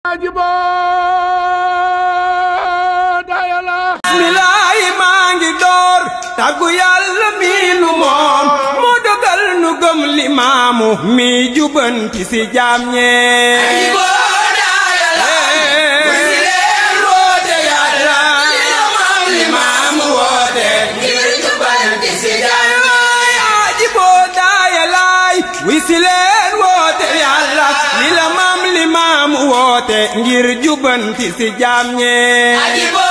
bismilaahi maa ngi door ngir jubanti si jaam ñee